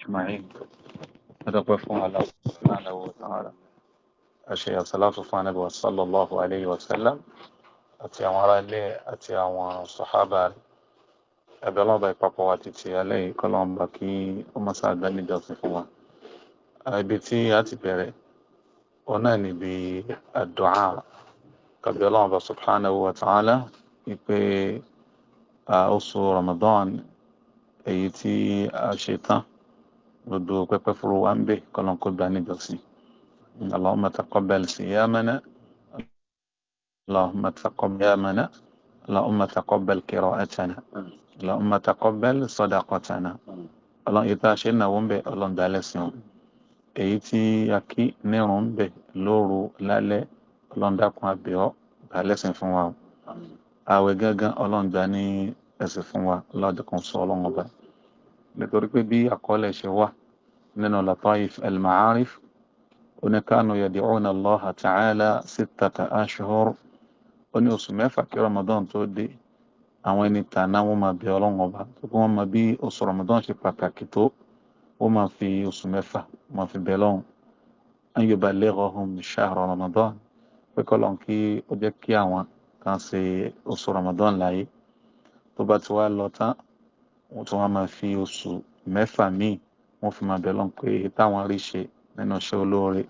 أجمعين ربفون الله سبحانه وتعالى àṣẹ àsàlátù fún anábíwá sallallahu alayhi wa sallam àti àwọn ará ilé àti àwọn sọ̀hábà rẹ̀ ẹ̀bẹ̀ ọlọ́ọ̀bà ìpapọ̀ wa ti ti alẹ́ yìí kọ́ lọ́wọ́n bá kí ó mọ́ sáàdá níjọsìn fún wa ibi tí a ti bẹ̀rẹ̀ òun náà níbi àdúà kàbí ọlọ́wọ́n bá subhanahu wa ta'ala wípé oṣù Ramadan èyí tí a ṣe tán gbogbo pẹpẹ fúru wa ń bẹ kọlọn kó gba níjọsìn Allahumma taqabbal siyamana Allahumma taqabbal siyamana Allahumma taqabbal qira'atana Allahumma taqabbal sadaqatana Ọlọ́run yìí tá a ṣe náwó ń bẹ Ọlọ́run dálẹ sí wọn èyí tí a kí nírun ń bẹ lóru lálẹ́ Ọlọ́run dákun àbẹ ọ dálẹsìn fún wa o àwẹ̀ gángan ní ẹsẹ fún wa Ọlọ́run kan sọ Ọlọ́run ọba nítorí pé bí àkọọ́lẹ̀ ṣe wà nínú lataif al-ma'arif oníkanu yad'una Allah ta'ala sittata ashhur ó ní oṣù mẹ́fà kí Ramadan tó dé àwọn ẹni tàná wọn máa bẹ Ọlọ́run ọba tó kí wọ́n máa bí oṣù Ramadan ṣe pàtàkì tó wọ́n máa fi oṣù mẹ́fà wọ́n máa fi bẹ Ọlọ́run an yubalighahum shahra Ramadan pé kọ́lọ́n kí ó jẹ́ kí àwọn kan ṣe oṣù Ramadan láyé tó bá ti wá lọ tán wọ́n tún wá máa fi oṣù mẹ́fà míì wọ́n fi máa bẹ̀lọ́n pé táwọn rí ṣe nínú iṣẹ́ olóore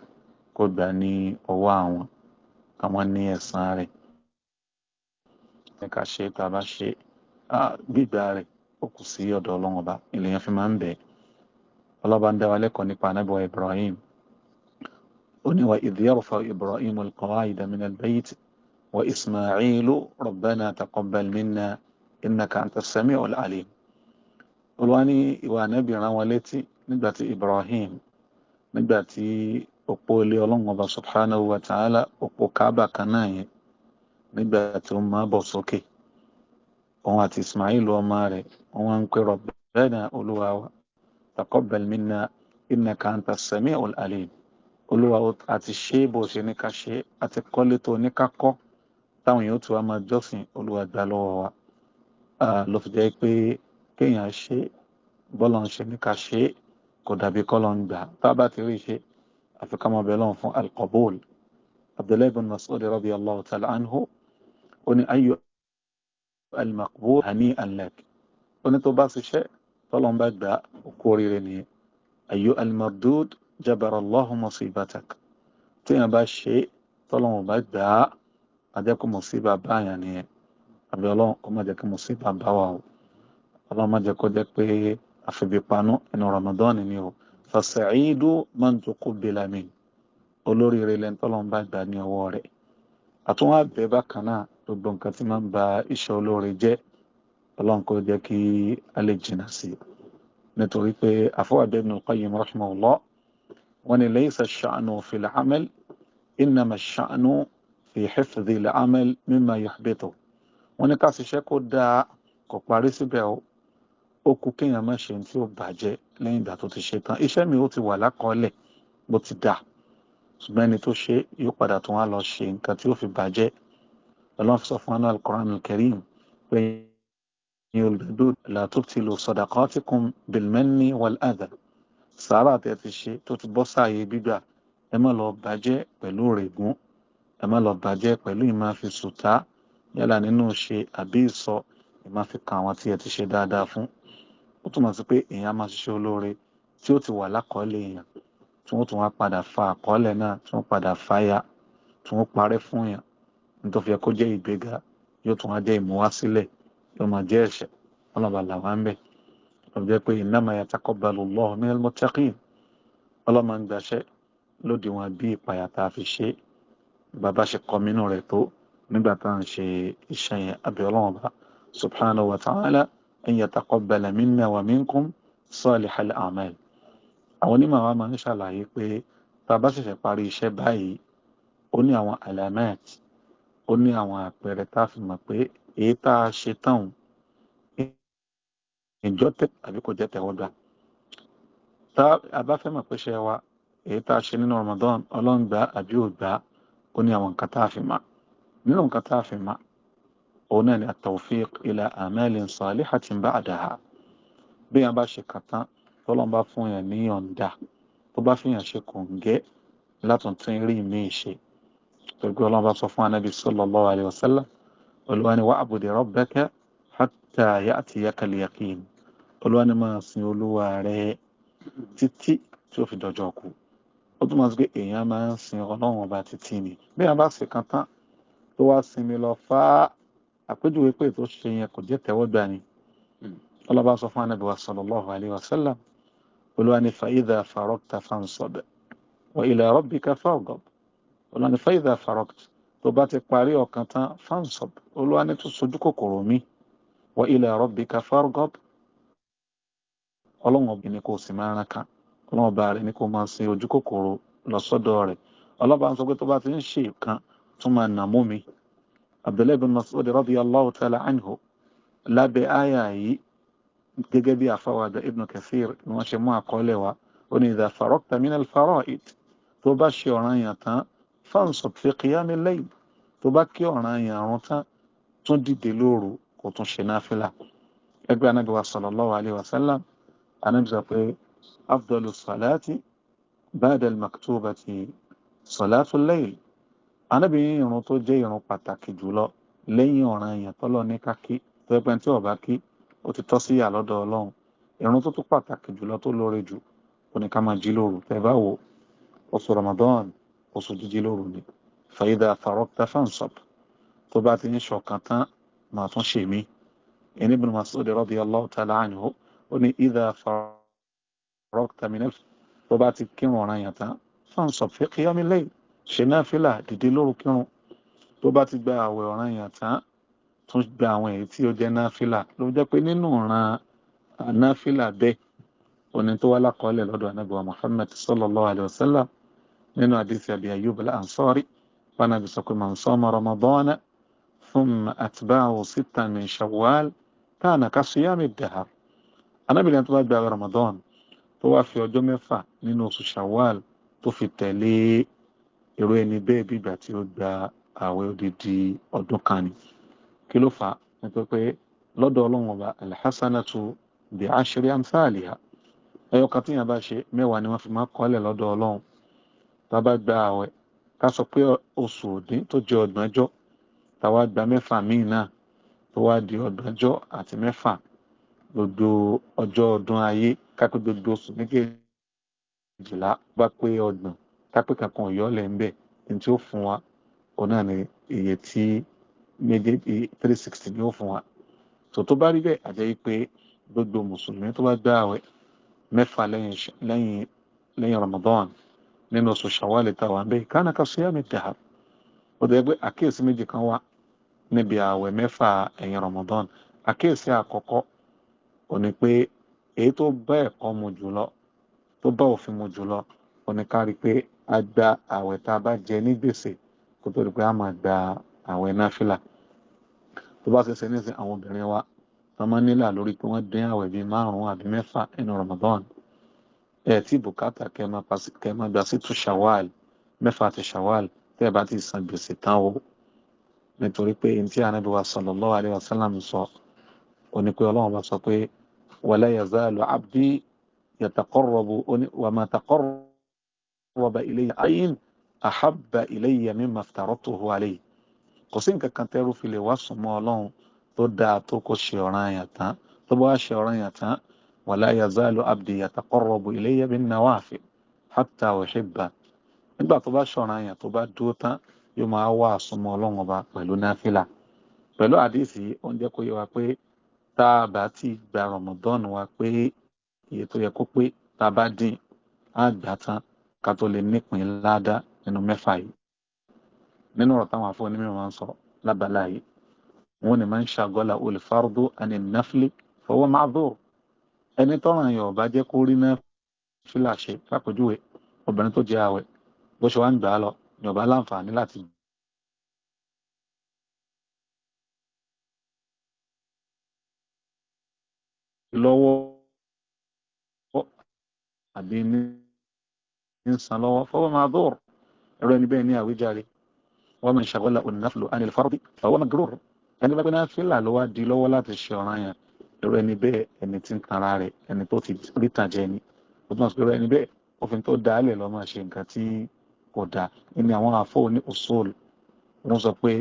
kó gbà ní ọwọ́ àwọn káwọn ní ẹ̀san rẹ̀ ẹ̀ka ṣe tá a bá ṣe gbígbà rẹ̀ ó kù sí ọ̀dọ̀ ọlọ́run ọba ènìyàn fi máa ń bẹ̀ ọlọ́ba ń dá wa nípa anábọ̀ Ibrahim ó ní Ibrahim al-qawa'ida min wa Isma'ilu rabbana taqabbal minna innaka anta olúwa ní ìwà ànábì rán wọn létí nígbà tí Ibrahim nígbà tí òpó ilé ọlọ́run ọba subhanahu wa ta'ala òpó kaaba kan náà yẹn nígbà tí ó máa bọ̀ sókè òun àti Ismail ọmọ rẹ̀ wọ́n ń pè Rabbana olúwa wa taqabbal minna innaka anta as-sami'ul olúwa àti ṣe bó ṣe ní ká ṣe àti kọ́lé tó ní ká kọ́ táwọn yóò tún wá máa jọ́sìn olúwa gbà lọ́wọ́ wa ló pé kéèyàn ṣe bọ́lọ̀ ń ṣe ní ká ṣe kò dàbí kọ́lọ̀ ń gbà tá a bá ti rí ṣe àfi ká máa bẹ̀ lọ́n fún alqabul abdullahi bin mas'ud radiyallahu ta'ala anhu ó ní ayyu almaqbul hani'an lak ó ní tó bá ṣiṣẹ́ tọ́lọ́ bá gbà kú oríire nìyẹn ayyu almardud jabarallahu musibatak téèyàn bá ṣe tọ́lọ́ wọn bá gbà á àjẹkù mùsíbà báyà nìyẹn àbí kò má jẹ́ kí mùsíbà bá wà o ọlọ́run má jẹ́ kó jẹ́ pé àfẹ̀bìpanú ẹnu rọ̀mọdọ́ọ̀nì ni o fàṣẹ̀ìdú máa ń tukú bílámì olóríire lẹ́ńtọ́lọ́run bá gbà ní ọwọ́ rẹ̀ àtúnwá bẹ́ bákan náà gbogbo nǹkan tí máa ń ba iṣẹ́ olóore jẹ́ ọlọ́run kó jẹ́ kí a lè jìnnà sí i nítorí pé àfọwàdé ibn al-qayyim rahimahullah wọn ni laysa ash fi al-amal innama ash fi hifdhi al-amal mimma wọn ni ká ṣiṣẹ́ kó dáa kò parí síbẹ̀ o ó kú kéèyàn má ṣe tí ó bàjẹ́ lẹ́yìn ìgbà tó ti ṣe tán iṣẹ́ mi ó ti wà lákọọ́lẹ̀ bó ti dà ṣùgbọ́n ẹni tó ṣe yóò padà tún wá lọ ṣe nǹkan tí ó fi bàjẹ́ ọlọ́run sọ fún anáàlú koran kẹrin pé ní olùdó làtúntì lò sadaqatikum bilmanni wal adha sàárà tẹ ti ṣe tó ti bọ́ sáàyè gbígbà ẹ má lọ bàjẹ́ pẹ̀lú rẹ̀gún ẹ má lọ bàjẹ́ pẹ̀lú ìmáfi sùtá yálà nínú ṣe àbí ìsọ ìmáfi kan àwọn tí ẹ ti ṣe dáadáa fún ó túmọ̀ sí pé èèyàn á máa ṣiṣẹ́ olóore tí ó ti wà lákọọ́lẹ̀ èèyàn tí wọ́n tún wá padà fa àkọọ́lẹ̀ náà tí wọ́n padà fàya tí wọ́n parẹ́ fún èèyàn ní tó fi yẹ kó jẹ́ ìgbéga yóò tún wá jẹ́ ìmúwásílẹ̀ yóò máa jẹ́ ẹ̀ṣẹ̀ ọlọ́ba làwa ń bẹ̀ ló jẹ́ pé innama yataqabbalu Allahu minal muttaqin ọlọ́mọ ń gbaṣẹ́ lóde wọn bí ìpayà tá a fi ṣe bàbá ṣe kọminú rẹ̀ tó nígbà tá à ń ṣe iṣẹ́ yẹn abẹ́ ọlọ́wọ́n bá subhanahu wa ta'ala أن يتقبل منا ومنكم صالح الأعمال àwọn onímọ̀ wa máa ń ṣàlàyé pé tá a bá ṣẹ̀ṣẹ̀ parí iṣẹ́ báyìí ó ní àwọn alamet ó ní àwọn àpẹẹrẹ tá a fi mọ̀ pé èyí tá a ṣe tán ìjọ tẹ àbí kò jẹ́ tẹ̀wọ́gbà tá a bá fẹ́ mọ̀ pé ṣe wa èyí tá a ṣe nínú Ramadan ọlọ́ngbà àbí ògbà ó ní àwọn nǹkan tá a fi mọ̀ nínú nǹkan tá a fi mọ̀ òun náà ni àtọ̀fíìk ila amalin salihatin ba'daha bí yẹn bá ṣe kàtán tọ́lọ́n bá fún yẹn ní yọ̀ǹda tó bá fi yẹn ṣe kòǹgẹ́ látún tí ń rí míì ṣe torí ọlọ́run bá sọ fún anábì sallallahu alaihi wasallam olúwa ni wa'bud rabbaka hatta ya'tiyaka al-yaqin olúwa ni máa sin olúwa rẹ títí tí ó fi dọjọ́ kú ó túmọ̀ sí pé èèyàn máa ń sin ọlọ́run ọba títí ni bí yẹn bá ṣe kàtán tó wá sinmi lọ fáá àpéjúwe pé tó ṣe yẹn kò jẹ́ tẹ́wọ́gbà ni hmm. ọlọ́ba sọ fún anábìwá sallallahu alayhi wa sallam olúwa ní fa'idha farokta fansab wa ila rabbika fargob olúwa ní fa'idha farokta tó bá ti parí ọ̀kan tán fansab olúwa ní tó sojú kòkòrò mi wa ila rabbika fargob ọlọ́run ọba ní kò sì máa rán kan ọlọ́run ọba rẹ̀ ní kò máa Abdullahi bin Mas'ud radiyallahu ta'ala anhu lábẹ́ àyà yìí gẹ́gẹ́ bí àfọwàdà Ibn Kathir ni wọ́n ṣe mú àkọọ́lẹ̀ wa ó ní idha faraqta min al-fara'id tó bá ṣe ọ̀ranyàn tán fansub fi qiyam al-layl tó bá kí ọ̀ranyàn àrùn tán tún dìde lóru kò tún ṣe náfìlà ẹgbẹ́ anábì wa sallallahu alayhi wa pé afdalu salati ba'da maktubati salatu al Ànábì ní ìrun tó jẹ́ ìrun pàtàkì jùlọ lẹ́yìn ọ̀ràn èèyàn tọ́lọ́ ní kákí tó jẹ́ pé tí ó bá kí ó ti tọ́ sí àlọ́dọ̀ Ọlọ́run ìrun tó tún pàtàkì jùlọ tó lóore jù kò ní ká máa jí lóru tẹ́ bá wo oṣù Ramadan oṣù jíjí lóru ni fàyídà farokta fansop tó bá ti ní ṣọ̀kan tán máa tún ṣe mí ẹni Ibn Mas'ud radiyallahu ta'ala anhu ó ní ìdá farokta minel tó bá ti kírun ọ̀ràn èèyàn tán fansop fi qiyamil layl ṣe náfìlà dìde lóru kírun tó bá ti gba àwẹ̀ ọ̀ranyàn tán tún gba àwọn èyí tí ó jẹ́ náfìlà ló jẹ́ pé nínú ìran náfìlà bẹ́ẹ̀ oní tó wá lákọọ́lẹ̀ lọ́dọ̀ anábì wa Muhammad sallallahu alayhi wa sallam nínú àdìsí Abi Ayyub al-Ansari panabi sọ pé man sama Ramadana thumma atba'ahu sittan min Shawwal kana ka siyami dahar anábìlẹ̀ tó bá gba Ramadan tó wá fi ọjọ́ mẹ́fà nínú oṣù Shawwal tó fi tẹ̀lé irú ẹni bẹ́ẹ̀ bí ìgbà tí ó gba ààwẹ̀ odidi ọdún kan ni kí ló fà á pé pé lọ́dọ̀ ọlọ́run ọba alhassanatu bi ashri amthaliha ẹyọ kan tíyàn bá ṣe mẹ́wàá ni wọ́n fi máa kọ́lẹ̀ lọ́dọ̀ ọlọ́run tá a bá gba ààwẹ̀ ká sọ pé oṣù òdín tó jẹ ọgbọ̀njọ́ tá a wá gba mẹ́fà míì náà tó wá di ọgbọ̀njọ́ àti mẹ́fà gbogbo ọjọ́ ọdún ayé ká gbogbo oṣù méjèèjìlá bá pé ọgbọ̀n kápẹ́ kankan ò yọ́lẹ̀ ń bẹ̀ ní tí ó fún wa òun náà ni iye tí méjèèjì three sixty ni ó fún wa tó tó bá rí bẹ́ẹ̀ àjẹ́ yìí pé gbogbo mùsùlùmí tó bá gbà àwẹ̀ mẹ́fà lẹ́yìn Ramadan nínú oṣù Ṣawwal táwa ń bẹ kánà ká siyami dahar ó dẹ̀ pé àkíyèsí méjì kan wá níbi àwẹ̀ mẹ́fà ẹ̀yìn Ramadan àkíyèsí àkọ́kọ́ ò ní pé èyí tó bá ẹ̀kọ́ mu jùlọ tó bá òfin mu jùlọ ò ní ká rí pé á gba àwẹ̀ tá a bá jẹ ní gbèsè kó tó di pé a máa gba àwẹ̀ náfìlà tó bá ṣẹṣẹ ní àwọn obìnrin wa wọ́n máa nílà lórí pé wọ́n dín àwẹ̀ bíi márùn-ún àbí mẹ́fà nínú Ramadan ẹ̀ tí bùkátà kẹ́ máa gba sí tu Shawwal mẹ́fà ti Shawwal tẹ́ ẹ bá ti san gbèsè tán o nítorí pé n tí Ànábì wa sallallahu alaihi wasallam sọ ó pé Ọlọ́run bá sọ pé wala yazalu abdi yataqarrabu wa ma taqarrabu. أقرب إلي عين أحب إلي مما افترضته عليه kò sí nǹkan kan tẹ́rù fi lè wá súnmọ́ ọlọ́run tó dáa tó kó ṣe ọ̀ranyàn tán tó bá ṣe ọ̀ranyàn tán wala yazalu abdi yataqarrabu ilayya bin nawafil hatta uhibba nígbà tó bá ṣe ọ̀ranyàn tó bá dúró tán yóò máa wá súnmọ́ ọlọ́run ọba pẹ̀lú náfìlà pẹ̀lú àdìsí oúnjẹ kó yẹ wa pé tá a bá ti gba Ramadan wa pé iye tó yẹ kó pé tá a bá dín á gbà tán ká tó lè nípìn ládá nínú mẹ́fà yìí nínú ọ̀rọ̀ táwọn afọ onímọ̀ máa ń sọ lábala yìí wọn ni máa ń ṣàgọ́là olùfárúdó àni náfìlì fọwọ́ máa dùn ẹni tọ́ràn yàn ọ̀bá jẹ́ kó rí náà fìlà ṣe fàpèjúwe obìnrin tó jẹ àwẹ̀ bó ṣe wá ń gbà á lọ ni ọ̀bá láǹfààní láti lọ́wọ́ àbí ní ń san lọ́wọ́ fọwọ́ máa dọ́r ẹ̀rọ ẹni bẹ́ẹ̀ ní àwíjàre wọ́n mọ̀ ṣàgọ́lá onínáfìlò anil fọ́rọ́bì fọwọ́ máa gíròrò ẹni bá pẹ́ná fílà lọ́wọ́ di lọ́wọ́ láti ṣe ọ̀ràn yẹn ẹ̀rọ ẹni bẹ́ẹ̀ ẹni tí ń tanra rẹ̀ ẹni tó ti rí tàjẹ́ ni ó tún sọ ẹni bẹ́ẹ̀ òfin tó dá lẹ̀ lọ́ ṣe nǹkan tí kò dá ẹni àwọn afọ́ ní usul wọ́n sọ pé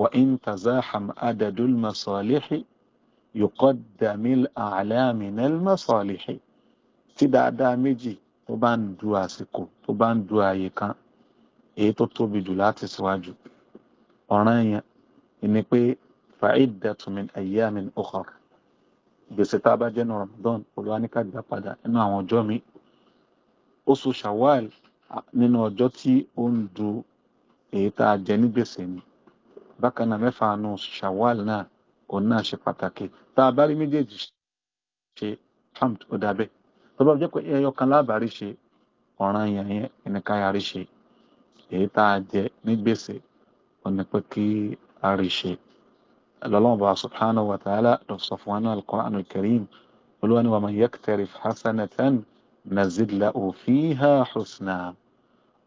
wà ń tazaham adadul masalihi yuqaddamil a'la minal masalihi tí dáadáa méjì tó bá ń du àsìkò tó bá ń du ààyè kan èyí tó tóbi jù láti síwájú ọ̀ràn yẹn ni pé fa'iddatu min ayyamin ukhar gbèsè tá a bá jẹ́ nọ̀rọ̀ dán olùwáníkà gbà padà nínú àwọn ọjọ́ mi oṣù shawwal nínú ọjọ́ tí ó ń du èyí tá a jẹ ní gbèsè ni bákan náà mẹ́fà nù shawwal náà òun náà ṣe pàtàkì tá a bá rí méjèèjì ṣe hamd ó dábẹ́ tó bá jẹ́ pé ẹyọ kan lábàárí ṣe ọ̀ràn yẹn yẹn ẹnìkan yarí ṣe èyí tá a jẹ ní gbèsè ọ̀nà pé kí a rí ṣe lọ́lọ́wọ́ bá subhanahu wa ta'ala lọ sọ fún wọn al-Qur'an al-Karim olúwa ni wa man yaktarif hasanatan nazid lahu fiha husna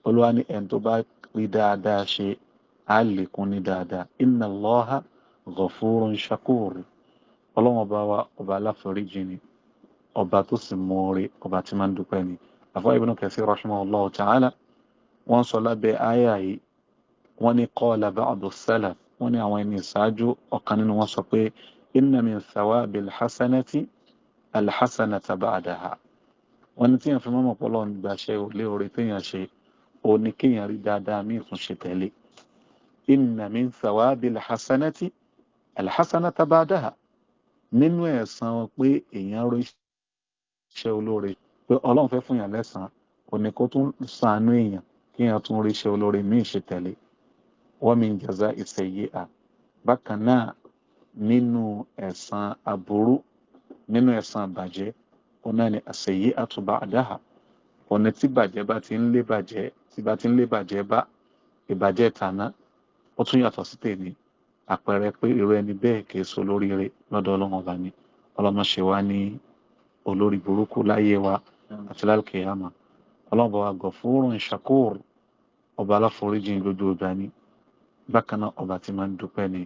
olúwa ni ẹni tó bá rí dáadáa ṣe á lè kún ní dáadáa inna Allaha ghafurun shakur ọlọ́wọ́ bá wa ọba aláforíjì ni ọba tó sì mú orí ọba tí máa ń dúpẹ́ ni àfọ́ Ibn Kathir rahimahullahu ta'ala wọ́n sọ lábẹ́ àyà yìí wọ́n ní qala ba'du salaf wọ́n ní àwọn ẹni ìṣáájú ọ̀kan nínú wọn sọ pé inna min thawabi alhasanati alhasanata ba'daha wọ́n ní tíyàn fi mọ́mọ́ pọ́lọ́ gbàṣẹ lé orí tíyàn ṣe ó kíyàn rí dáadáa míì tún ṣe tẹ̀lé inna min thawabi alhasanati alhasanata ba'daha nínú ẹ̀san pé èèyàn rí iṣẹ́ olóore pé ọlọ́run fẹ́ fún yàn lẹ́sàn-án kò ní kó tún sànú èèyàn kí yàn tún rí iṣẹ́ olóore míì ṣe tẹ̀lé wọ́n mi ń jẹ́zá ìṣẹ̀yé à bákan náà nínú ẹ̀san aburú nínú ẹ̀san àbàjẹ́ òun náà ni àṣẹ̀yé àtúbà àdáhà ọ̀nà tí bàjẹ́ bá ti ń lé bàjẹ́ tí bá ti ń lé bàjẹ́ bá ìbàjẹ́ tàná ó tún yàtọ̀ sí tèmi àpẹẹrẹ pé irú ẹni bẹ́ẹ̀ kìí so lóríire lọ́dọ̀ ọlọ́run ọba ni ọlọ́mọ ṣe wá ní olórí burúkú láyé wa àti lálùkìyàmà ọlọ́ọ̀bọ̀ wa gọ̀fúrún ṣàkóòrò ọba aláforíjìn lójú ọba ni bákan náà ọba tí máa ń dúpẹ́ ni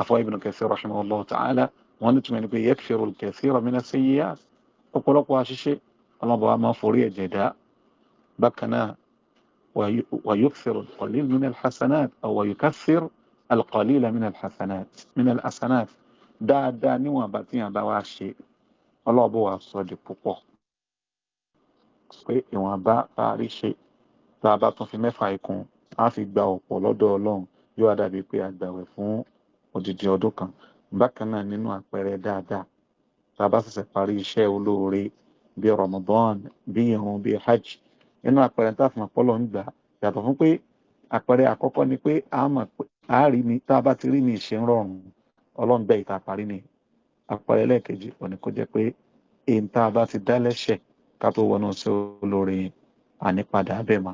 afọ Ibn Kathir rahimahullahu ta'ala wọn ní túmọ̀ ní pé yakfiru al-kathira min as-sayyi'at ọ̀pọ̀lọpọ̀ àṣìṣe ọlọ́ọ̀bọ̀ wa forí ẹ̀jẹ̀ dá bákan náà ويكثر القليل من الحسنات أو يكثر القليل من الحسنات من الحسنات دا دا نوا باتيا بواشي ọlọ́run bó wa sọ di púpọ̀ pé ìwọ̀nba bá rí ṣe tá a bá tún fi mẹ́fà ikùn á fi gba ọ̀pọ̀ lọ́dọ̀ ọlọ́run yóò wá dàbí pé a gbàwẹ̀ fún odidi ọdún kan bákan náà nínú àpẹẹrẹ dáadáa tá a bá ṣẹ̀ṣẹ̀ parí iṣẹ́ olóore bí Ramadan bí irun bí hajj nínú àpẹẹrẹ tá a fi mọ̀ pọ́lọ́ ń gbà yàtọ̀ fún pé àpẹẹrẹ àkọ́kọ́ ni pé a mọ̀ pé a rí ni tá a bá ti rí ni ìṣe ń rọrùn ọlọ́run ìta parí ni apá ẹlẹ́ẹ̀kejì òní kó jẹ́ pé èyí tá a bá ti dá lẹ́ṣẹ̀ ká tó wọnú sí olóore ànípadà abẹ́mà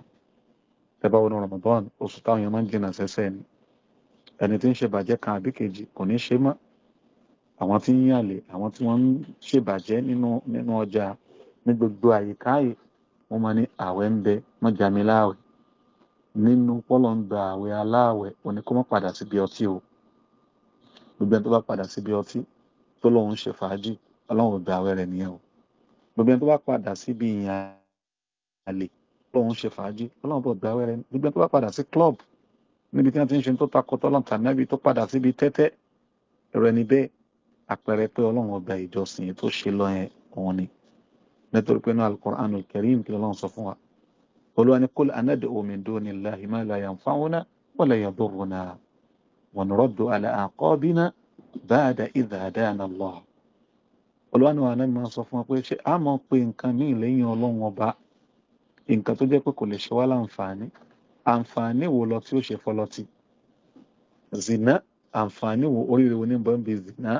tẹ́bá wọnú Ramadan oṣù táwọn èèyàn máa ń jìnnà sẹ́sẹ̀ ni ẹni tí ń ṣe bàjẹ́ kan àbí kejì kò ní ṣe mọ́ àwọn tí ń yàlè àwọn tí wọ́n ń ṣèbàjẹ́ nínú nínú ọjà ní gbogbo àyíká yìí wọ́n máa ní àwẹ̀ ń bẹ mọ́jàmí láàwẹ̀ nínú pọ́lọ̀ ń gba àwẹ̀ aláàwẹ̀ oníkó mọ́ padà síbi ọtí o gbogbo ẹni tó bá padà síbi ọtí tó lóun ṣe fàájì ọlọ́run ò gba àwẹ̀ rẹ̀ nìyẹn o gbogbo ẹni tó bá padà síbi ìyìn àlè lóun ṣe fàájì ọlọ́run bò gba àwẹ̀ rẹ̀ gbogbo ẹni tó bá padà sí club níbi tí wọ́n ti ń ṣe tó takò tọ́lọ́n tàbí tó padà síbi tẹ́tẹ́ rẹ̀ ni bẹ́ẹ̀ àpẹẹrẹ pé ọlọ́run ọgbà ìjọsìn tó ṣe lọ òun ni nítorí pé ní al ba'da idh hadana Allah olùwànú àná mi máa sọ fún wa pé ṣé a máa pe nǹkan míì lẹ́yìn ọlọ́run ọba nǹkan tó jẹ́ pé kò lè ṣe wá láǹfààní àǹfààní wo lọ tí ó ṣe fọlọ́tì zina àǹfààní wo oríire wo ní bọ́ǹbì zina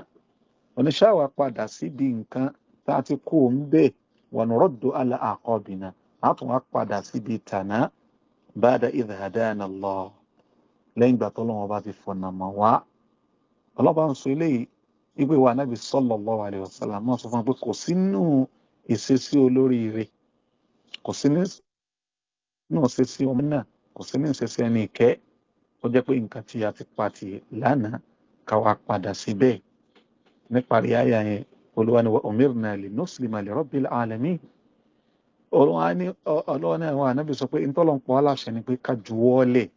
oníṣàwà padà síbi nǹkan tá a ti kó o ń bẹ̀ wọn rọ́dọ̀ àlà àkọ́bìnà a tún wá padà síbi tànà ba'da idh hadana Allah lẹ́yìn tó lọ́wọ́ bá ti fọ̀nà mọ́ wá ọlọ́pàá ń sọ eléyìí wípé wa anábì sallallahu alaihi wasallam máa sọ fún wa pé kò sínú ìṣesí olórí ire kò sí nínú ìṣesí ọmọ náà kò sí nínú ìṣesí ẹni ìkẹ́ ó jẹ́ pé nǹkan tí a ti pa lánàá ká wa padà sí bẹ́ẹ̀ níparí àyà yẹn olúwa ni wa umirna li nuslima li rabbil alamin ọlọ́wọ́n náà wà nábì sọ pé ntọ́lọ́n pọ̀ aláṣẹ ni pé ká juwọ́ lẹ̀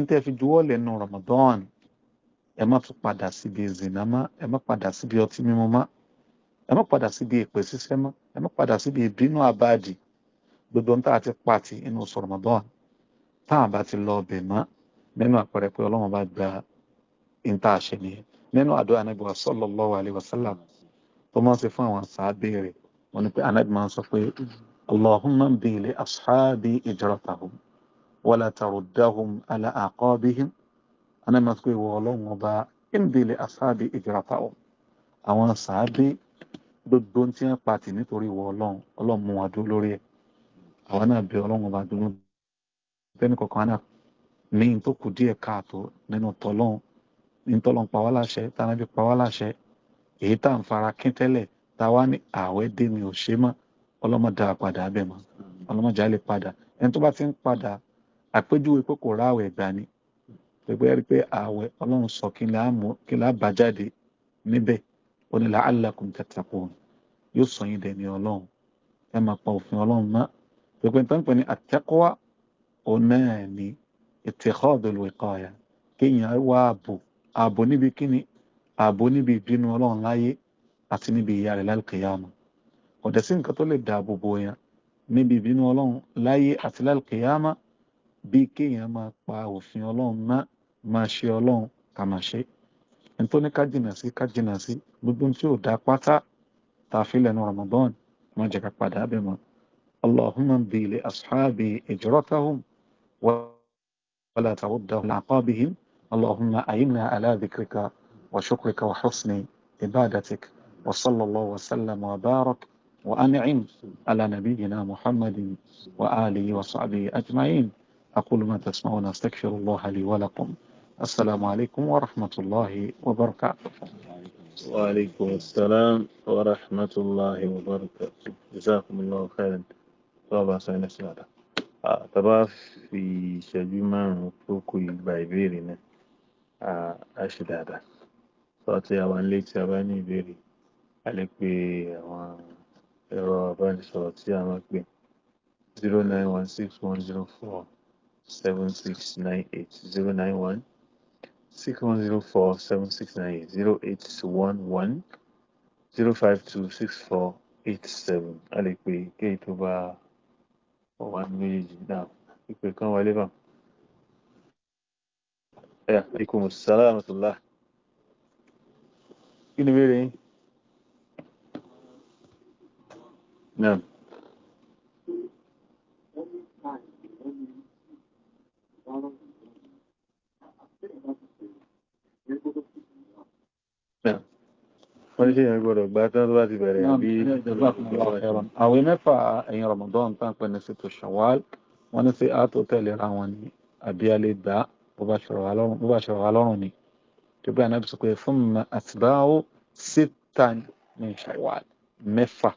ntẹ́ Ramadan ẹ má tún padà síbi ìzìnà mọ́ ẹ má padà síbi ọtí mímu mọ́ ẹ má padà síbi èpè ṣíṣẹ́ mọ́ ẹ má padà síbi ìbínú àbáàdì gbogbo ohun tá a ti pàtì inú sọ̀rọ̀mọ́bọ́n tá a bá ti lọ ọbẹ̀ mọ́ nínú àpẹẹrẹ pé ọlọ́run bá gba ìta àṣẹ nìyẹn nínú àdúrà Ànábì wa sallallahu alaihi wasallam tó máa ń fún àwọn sàábé rẹ̀ wọ́n ní pé Ànábì máa ń sọ pé allahumma bi li ashabi ijratahum wala taruddahum ala aqabihim anamọ pé wọ ọlọ́run ọba ìmùdílé asáàbì ìjìràpá ọ àwọn sàábé gbogbo tí wọn pàtì nítorí ìwọ ọlọ́run ọlọ́run mú wa dúró lórí ẹ àwọn náà bẹ ọlọ́run ọba dúró bẹ́ẹ̀ni kọkàn náà ní tó kù káàtó nínú tọlọ́run ní tọlọ́run pa wá láṣẹ tànàbí pa èyí tá à fara kín tẹ́lẹ̀ tá a wá ní ààwẹ̀ dé mi ò ṣe mọ́ ọlọ́mọdé àpàdà abẹ́ mọ́ ọlọ́mọdé á lè padà ẹni tó bá ti ń padà àpéjúwe pé kò ráàwẹ̀ gbà ni gbẹgbẹ́ rí pé ààwẹ̀ ọlọ́run sọ kí la mú kí la bá jáde níbẹ̀ ó ní la'allakum tattaqun yóò sọ yín dẹni ọlọ́run ẹ máa pa òfin ọlọ́run mọ́ gbẹgbẹ́ tó ń pè ní at-taqwa òun náà ni ittikhadul wiqaya kéèyàn wá ààbò ààbò níbi kíni ààbò níbi ìbínú ọlọ́run láyé àti níbi ìyà rẹ̀ lálùkìyàmù ọ̀dẹ̀ sí nǹkan tó lè dáàbò bo yẹn níbi ìbínú ọlọ́run láyé àti lálùkìyàmù bí kéèyàn máa pa òfin ọlọ́run náà máa ṣe ọlọ́run ká máa ṣe ẹni tó ní ká jìnà sí ká jìnà sí gbogbo tí ò dá pátá tá a fi lẹ́nu Ramadan má jẹ́ ká padà bẹ̀ mọ́ Allahumma bi li ashabi ijratahum ولا تردهم عن عقابهم اللهم أعنا على ذكرك وشكرك وحسن عبادتك وصلى الله وسلم وبارك وأنعم على نبينا محمد وآله وصحبه أجمعين أقول ما تسمعون أستغفر الله لي ولكم السلام عليكم ورحمة الله وبركاته وعليكم السلام ورحمة الله وبركاته جزاكم الله خيرا طبعا سينا سعادة طبعا في شجيما مطلوكو بايبيرينا أشدادا sọ́ọ̀tì àwọn ilé tí a bá ní ìbéèrè a أباني pe àwọn بي six one zero four seven six nine zero eight one one zero five two six four eight seven a lè pè kéyìí tó bá ọ̀wá nínú méjèèjì náà ìpè kan wọlé bá. ẹ̀yà ikùn sàlámù tó kí ni ìbéèrè yín? náà. wọ́n ṣe agora gbọ́dọ̀ gbá tán tó a ti bẹ̀rẹ̀ bí àwẹ̀ mẹ́fà ẹ̀yìn Ramadan tán pẹ̀ ní ṣètò a wọ́n ní sí àtò tẹ̀lé ra wọn ní àbí alẹ́ gbá bó bá ṣọ̀rọ̀ wa lọ́rùn ni tó bí anábì sọ pé fún mi àtibáwò síta ní Shawwal mẹ́fà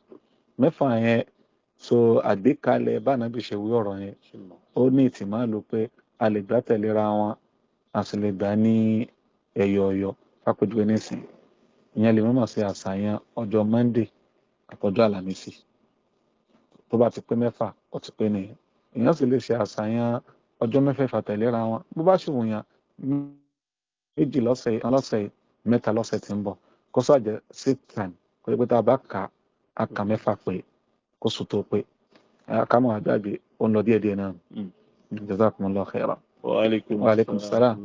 mẹ́fà yẹn so àgbékalẹ̀ bá anábì o wí ọ̀rọ̀ yẹn ó ní ìtìmá ló a lè gbá a sì ẹ̀yọ̀ ọ̀yọ̀ fàpèjúwe nísìn ìyẹn lè mọ́mọ́ sí àṣàyàn ọjọ́ monday àtọjọ́ àlàmísì tó bá ti pé mẹ́fà ó ti pé nìyẹn èèyàn sì lè ṣe àṣàyàn ọjọ́ mẹ́fẹ̀ẹ̀fà tẹ̀léra wọn bó bá ṣùwò yàn méjì lọ́sẹ̀ lọ́sẹ̀ mẹ́ta lọ́sẹ̀ tí ń bọ̀ kó sọ àjẹ six time kó yẹ pé tá a bá kà á kà pé kó sùn tó pé àkàmọ́ àgbàgbé ó ń lọ díẹ̀díẹ̀ náà hmm. jazakumullahu khairan. wa alaikum salaam.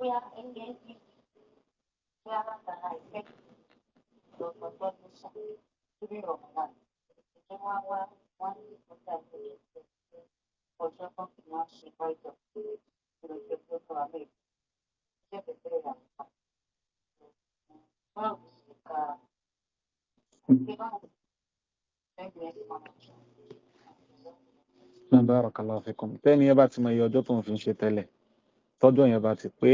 We are engaging. We are not alive. So for God, we shall be Ramadan. The one one one is that we for your confirmation right of the people of America. Give the prayer. Well, we can. Bárakàlá fikùn. Tẹ́ni ẹ bá ti mọ iye ọjọ́ tó ń fi ń ṣe tẹ́lẹ̀ tọ́jọ́ yẹn bá ti pé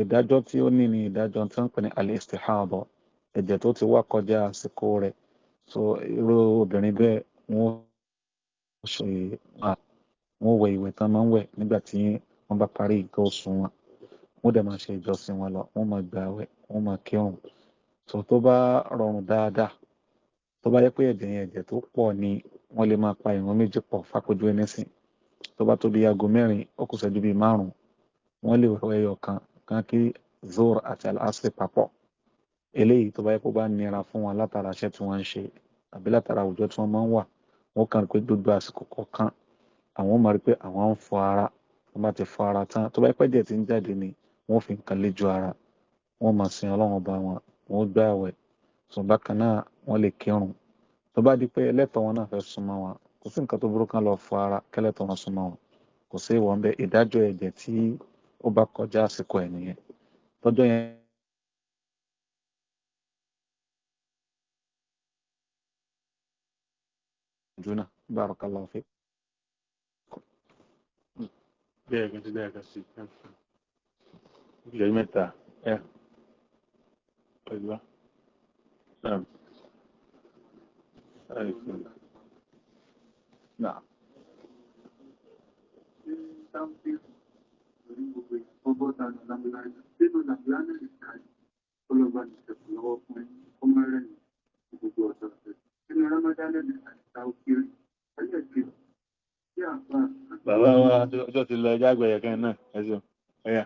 ìdájọ́ tí ó ní ni ìdájọ́ tí wọ́n pè ní al-istihada ẹ̀jẹ̀ tó ti wá kọjá àsìkò rẹ̀ so irú obìnrin bẹ́ẹ̀ wọ́n ṣe wọ́n wẹ ìwẹ̀ tán máa ń wẹ̀ nígbà tí wọ́n bá parí nǹkan oṣù wọn wọ́n dẹ̀ máa ṣe ìjọsìn wọn lọ wọ́n máa gbààwẹ̀ wọ́n máa kírun so tó bá rọrùn dáadáa tó bá yẹ pé ẹ̀jẹ̀ yẹn ẹ̀jẹ̀ tó pọ̀ ni wọ́n lè máa pa ìrun méjì pọ̀ fákojú ẹni sìn tó bá tó bí aago mẹ́rin ó kù ṣẹ́jú bíi márùn-ún wọ́n lè wẹ̀ ẹyọ kan kan kí zor àti al-asri papọ̀ eléyìí tó bá yẹ kó bá nira fún wọn látara iṣẹ́ tí wọ́n ń ṣe àbí látara àwùjọ tí wọ́n máa ń wà wọ́n kàn pé gbogbo àsìkò kọ̀ọ̀kan àwọn máa rí pé àwọn ń fọ ara wọ́n bá ti fọ ara tán tó bá yẹ pé díẹ̀ ti ń jáde ni wọ́n fi nǹkan lé ju ara wọ́n máa sin ọlọ́run ọba wọn wọ́n gbá àwẹ̀ sùn bákan náà wọ́n lè kírun tó bá di pé ẹlẹ́tọ̀ wọn náà fẹ́ súnmọ́ wọn kò sí nǹkan tó burú kan lọ fọ ara kẹ́lẹ́tọ̀ wọn súnmọ́ wọn kò sí ìwọ̀n obakođa sequenije. Po dojem juna barakallahu fi Dega, dega, sì. Bisogna metà. Eh. Poi va. Sì. No. gbogbo ọgbọ́n ta ní lámúláyà nínú làmúláyà ìka yìí ọlọ́ba ní ìṣẹ̀kùn lọ́wọ́ fún ẹ ọmọ rẹ̀ ní gbogbo ọ̀sọ̀ọ̀sẹ̀ nínú rámádánà ìka ìta òkèrè bàbá wa ọjọ́ ti lọ ẹja àgbẹ̀yẹ kan náà ẹ ṣeun ọ̀yà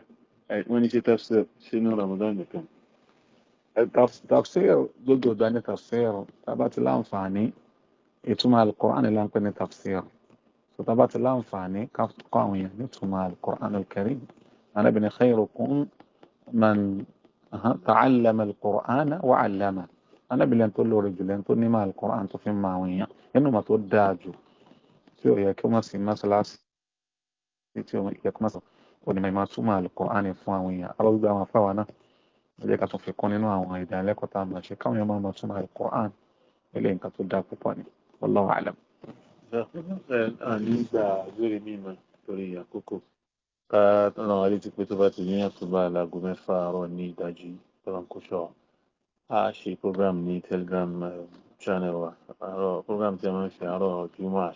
wọ́n ní ṣe tafsir sínú ramadan nìkan tafsir gbogbo ọ̀dọ́ ní tafsir tá a bá ti láǹfààní ìtumọ̀ al-Qur'an là ń ní tafsir tá bá ti láǹfààní ká kọ́ àwọn èèyàn nítumọ̀ alukur'an alkarim anabi ni khayrukum man ta'allama alukur'an wa 'allama anabi lẹ́ni tó lóore jù lẹ́ni tó nímọ̀ alukur'an tó fi mọ àwọn èèyàn nínú mà tó dáa jù tí ó yẹ kí wọ́n sì mọ́ṣáláṣí tí ó yẹ kí wọ́n sọ onímọ̀ ìmọ̀ túmọ̀ alukur'an fún àwọn èèyàn arọ́ gbígbà àwọn afáwa náà ó jẹ́ tún fi kún nínú àwọn ìdánilẹ́kọ̀ọ́ tá a máa ṣe káwọn èèyàn máa mọ̀ túmọ̀ alukur'an eléyìí nǹkan tó dáa púpọ̀ ni wallahu a'lam nígbà lórí mímọ̀ torí àkókò ká ràn wá létí pé tó bá ti yíyàn tó bá láago mẹ́fà àárọ̀ ní ìdájí tọ́lọ́n kò ṣọ́ a ṣe program ní telegram eh, channel wa program tí a máa ń fi àárọ̀ jùmọ̀